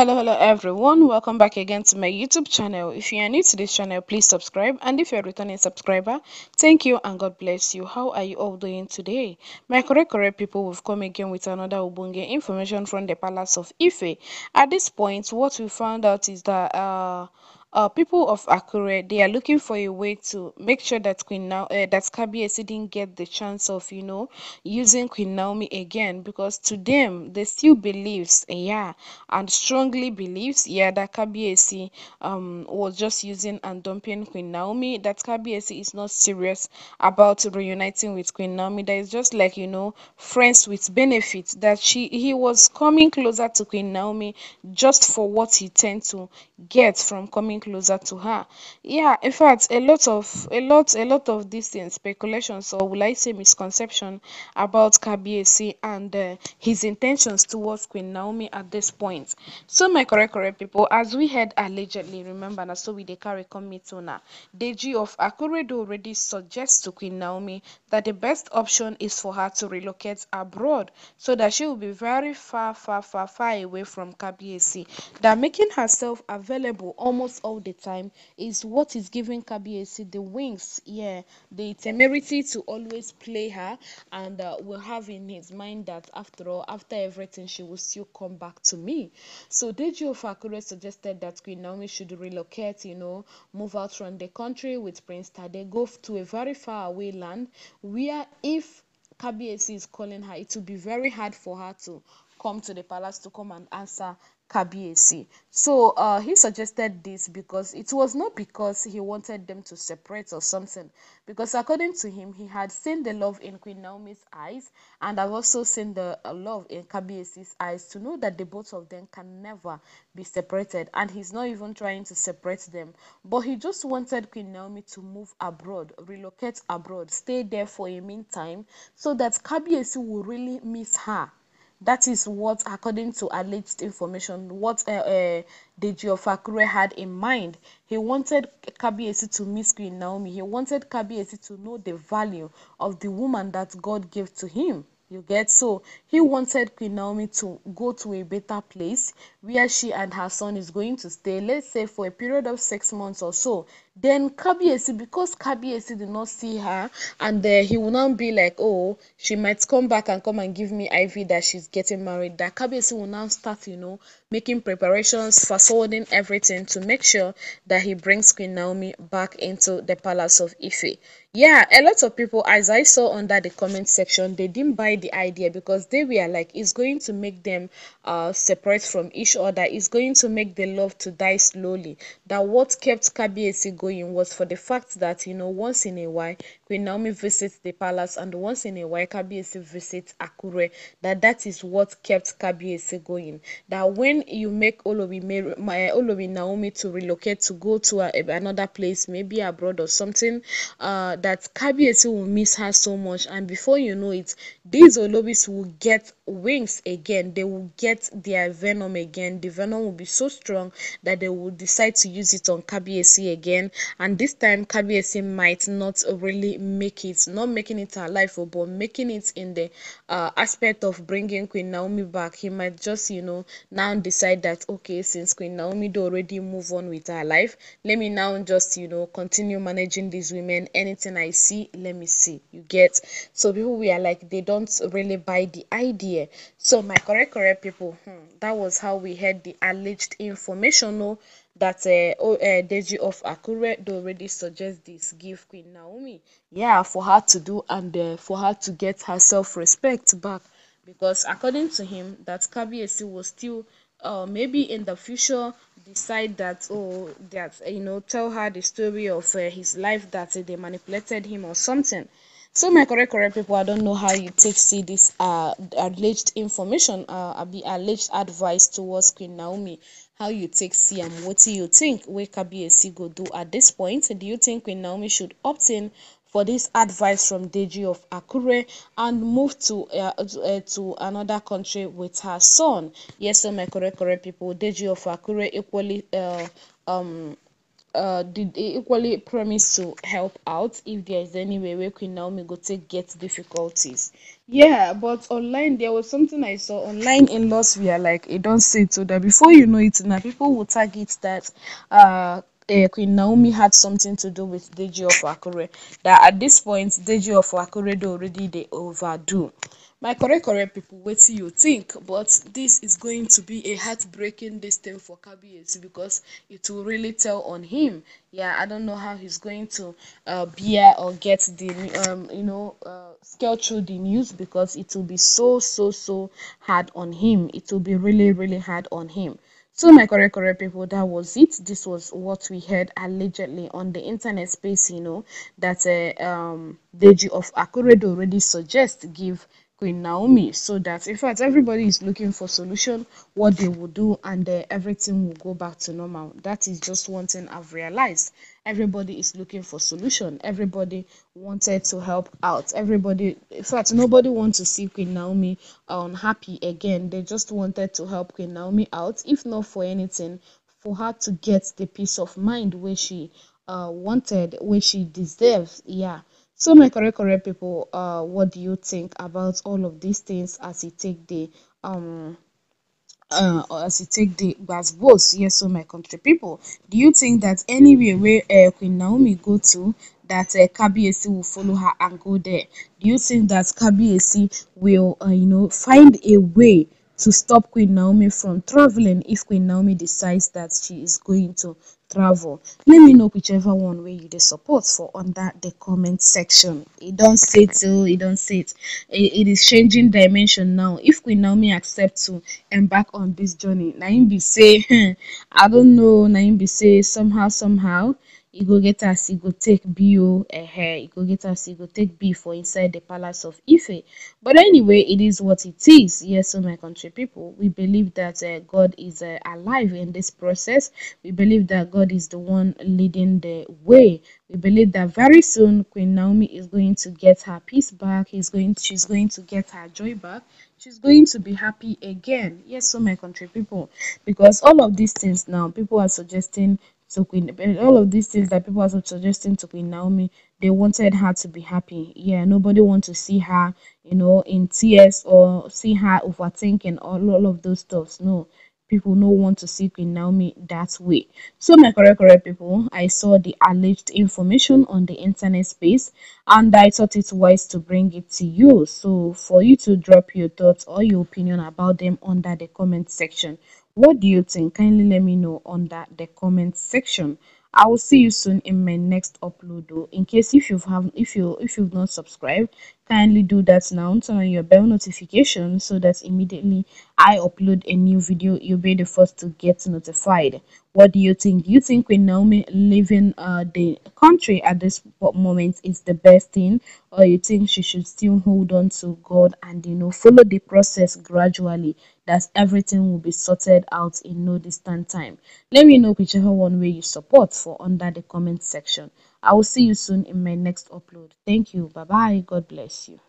hello hello everyone welcome back again to my youtube channel if you are new to this channel please subscribe and if you're a returning subscriber thank you and god bless you how are you all doing today my correct correct people we've come again with another ubunge information from the palace of ife at this point what we found out is that uh uh, people of Akure, they are looking for a way to make sure that Queen now uh, that Kabiesi didn't get the chance of you know using Queen Naomi again because to them they still believes yeah and strongly believes yeah that Kabiesi um was just using and dumping Queen Naomi that Kabiesi is not serious about reuniting with Queen Naomi that is just like you know friends with benefits that she he was coming closer to Queen Naomi just for what he tend to get from coming getting closer to her. Yeah, in fact, a lot of a lot a lot of these things, speculations or will I say misconception about Kabiesi and uh, his intentions towards Queen Naomi at this point. So my correct correct people, as we had allegedly, remember now, so we the carry commit now. Deji of Akuredo already suggests to Queen Naomi that the best option is for her to relocate abroad so that she will be very far, far, far, far away from Kabiesi. That making herself available almost all the time is what is giving KBAC the wings, yeah, the temerity to always play her and uh, will have in his mind that after all, after everything, she will still come back to me. So Deji Ofakure suggested that Queen Naomi should relocate, you know, move out from the country with Prince Tade, go to a very far away land where if KBAC is calling her, it will be very hard for her to come to the palace to come and answer Kabiesi. So uh, he suggested this because it was not because he wanted them to separate or something, because according to him, he had seen the love in Queen Naomi's eyes and i have also seen the uh, love in Kabiesi's eyes to know that the both of them can never be separated. And he's not even trying to separate them, but he just wanted Queen Naomi to move abroad, relocate abroad, stay there for a meantime, so that Kabiesi will really miss her that is what, according to alleged information, what uh, uh, Deji Ofakure had in mind. He wanted Kabiesi to miss Queen Naomi. He wanted Kabiesi to know the value of the woman that God gave to him. You get so he wanted Queen Naomi to go to a better place where she and her son is going to stay, let's say for a period of six months or so. Then Kabiesi, because Kabiesi did not see her, and uh, he will now be like, oh, she might come back and come and give me Ivy that she's getting married. That Kabiesi will now start, you know, making preparations, forwarding everything to make sure that he brings Queen Naomi back into the palace of Ife. Yeah, a lot of people, as I saw under the comment section, they didn't buy the idea because they were like, it's going to make them uh, separate from each other. It's going to make the love to die slowly. That what kept Kabiesi going was for the fact that, you know, once in a while, Queen Naomi visits the palace and once in a while, Kabiesi visits Akure. That that is what kept Kabiesi going. That when you make Olobi, my Naomi to relocate to go to a, another place, maybe abroad or something, uh, that Kabiesi will miss her so much. And before you know it, these Olobis will get wings again. They will get their venom again. The venom will be so strong that they will decide to use it on Kabiesi again. And this time, Kabiesi might not really make it, not making it alive, but making it in the uh, aspect of bringing Queen Naomi back. He might just, you know, now decide that okay since queen naomi do already move on with her life let me now just you know continue managing these women anything i see let me see you get so people we are like they don't really buy the idea so my correct correct people hmm, that was how we had the alleged information that uh, oh, uh, Deji of Akure already suggest this give Queen Naomi, yeah, for her to do and uh, for her to get her self respect back because according to him that Kabiesi was still uh, maybe in the future decide that oh that you know tell her the story of uh, his life that uh, they manipulated him or something so my correct correct people i don't know how you take see this uh alleged information uh alleged advice towards queen naomi how you take see what do you think can kabiyesi go do at this point do you think queen naomi should opt in for this advice from Deji of Akure and moved to uh, uh, to another country with her son. Yes, so my correct correct people, Deji of Akure equally uh, um uh, did equally promise to help out if there is any way where Queen Naomi go take get difficulties. Yeah, but online there was something I saw online in Los. we are like it don't say so that before you know it now people will target that uh uh, Queen Naomi mm. had something to do with Deji of Akure. That at this point, Deji of Akure already they overdo. My correct correct people, what do you think, but this is going to be a heartbreaking this for Kabiyesi because it will really tell on him. Yeah, I don't know how he's going to uh, bear or get the um you know uh, scale through the news because it will be so so so hard on him. It will be really really hard on him. So, my correct, correct people, that was it. This was what we heard allegedly on the internet space, you know, that uh, um, Deji of accurate already suggests give Queen Naomi so that in fact everybody is looking for solution what they will do and uh, everything will go back to normal that is just one thing I've realized everybody is looking for solution everybody wanted to help out everybody in fact nobody wants to see Queen Naomi unhappy again they just wanted to help Queen Naomi out if not for anything for her to get the peace of mind where she uh, wanted where she deserves yeah so my correct correct people, uh, what do you think about all of these things as you take the um uh, as you take the as votes? Yes, so my country people, do you think that anywhere where uh, Queen Naomi go to that uh, will follow her and go there? Do you think that KBC will uh, you know find a way? to stop Queen Naomi from traveling if Queen Naomi decides that she is going to travel. Let me know whichever one way you the support for under the comment section. It don't say it. it don't say it. it. It is changing dimension now. If Queen Naomi accept to embark on this journey, Naim say, I don't know, Naim say somehow, somehow e go get as e go take be o um e go get as e go take be for inside the palace of Ife. But anyway, it is what it is. Yes, so my country people, we believe that uh, God is uh, alive in this process. We believe that God is the one leading the way. We believe that very soon Queen Naomi is going to get her peace back. He's going, she's going to get her joy back she's going to be happy again. Yes, so my country people, because all of these things now, people are suggesting to Queen. But all of these things that people are suggesting to Queen Naomi, they wanted her to be happy. Yeah, nobody want to see her, you know, in tears or see her overthinking all, all of those stuffs. No, people no want to see Queen Naomi that way. So, my correct, correct people, I saw the alleged information on the internet space and I thought it wise to bring it to you. So, for you to drop your thoughts or your opinion about them under the comment section. What do you think? Kindly let me know under the comment section. I will see you soon in my next upload though. In case if you've have if you if you've not subscribed, kindly do that now. Turn on your bell notification so that immediately I upload a new video, you'll be the first to get notified. What do you think? Do you think with Naomi leaving uh, the country at this moment is the best thing, or you think she should still hold on to God and you know follow the process gradually? That everything will be sorted out in no distant time. Let me know whichever one way you support for under the comment section. I will see you soon in my next upload. Thank you. Bye bye. God bless you.